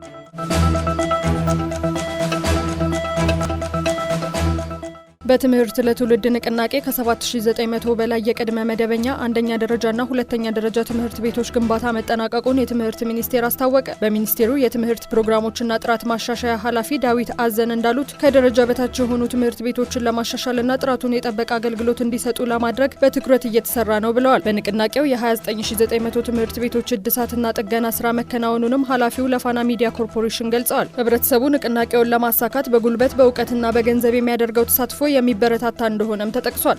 Thank you. በትምህርት ለትውልድ ንቅናቄ ከ7900 በላይ የቅድመ መደበኛ አንደኛ ደረጃና ሁለተኛ ደረጃ ትምህርት ቤቶች ግንባታ መጠናቀቁን የትምህርት ሚኒስቴር አስታወቀ። በሚኒስቴሩ የትምህርት ፕሮግራሞችና ጥራት ማሻሻያ ኃላፊ ዳዊት አዘን እንዳሉት ከደረጃ በታች የሆኑ ትምህርት ቤቶችን ለማሻሻልና ጥራቱን የጠበቀ አገልግሎት እንዲሰጡ ለማድረግ በትኩረት እየተሰራ ነው ብለዋል። በንቅናቄው የ29900 ትምህርት ቤቶች እድሳትና ጥገና ስራ መከናወኑንም ኃላፊው ለፋና ሚዲያ ኮርፖሬሽን ገልጸዋል። ህብረተሰቡ ንቅናቄውን ለማሳካት በጉልበት በእውቀትና በገንዘብ የሚያደርገው ተሳትፎ የሚበረታታ እንደሆነም ተጠቅሷል።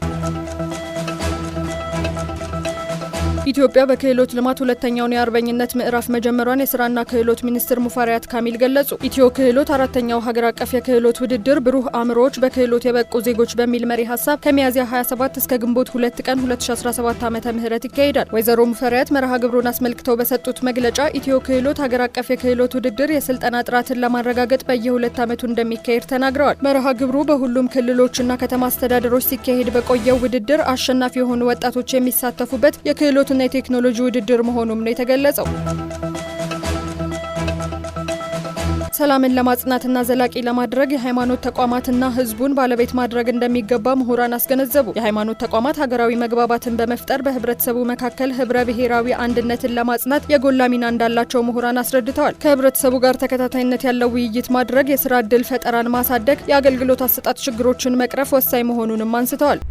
ኢትዮጵያ በክህሎት ልማት ሁለተኛውን የአርበኝነት ምዕራፍ መጀመሯን የስራና ክህሎት ሚኒስትር ሙፈሪያት ካሚል ገለጹ። ኢትዮ ክህሎት አራተኛው ሀገር አቀፍ የክህሎት ውድድር ብሩህ አእምሮዎች በክህሎት የበቁ ዜጎች በሚል መሪ ሀሳብ ከሚያዝያ 27 እስከ ግንቦት ሁለት ቀን 2017 ዓ ም ይካሄዳል። ወይዘሮ ሙፈሪያት መርሃ ግብሩን አስመልክተው በሰጡት መግለጫ ኢትዮ ክህሎት ሀገር አቀፍ የክህሎት ውድድር የስልጠና ጥራትን ለማረጋገጥ በየሁለት ዓመቱ እንደሚካሄድ ተናግረዋል። መርሃ ግብሩ በሁሉም ክልሎችና ከተማ አስተዳደሮች ሲካሄድ በቆየው ውድድር አሸናፊ የሆኑ ወጣቶች የሚሳተፉበት የክህሎት የእውቀትና የቴክኖሎጂ ውድድር መሆኑም ነው የተገለጸው። ሰላምን ለማጽናትና ዘላቂ ለማድረግ የሃይማኖት ተቋማትና ሕዝቡን ባለቤት ማድረግ እንደሚገባ ምሁራን አስገነዘቡ። የሃይማኖት ተቋማት ሀገራዊ መግባባትን በመፍጠር በህብረተሰቡ መካከል ህብረ ብሔራዊ አንድነትን ለማጽናት የጎላ ሚና እንዳላቸው ምሁራን አስረድተዋል። ከህብረተሰቡ ጋር ተከታታይነት ያለው ውይይት ማድረግ፣ የስራ እድል ፈጠራን ማሳደግ፣ የአገልግሎት አሰጣጥ ችግሮችን መቅረፍ ወሳኝ መሆኑንም አንስተዋል።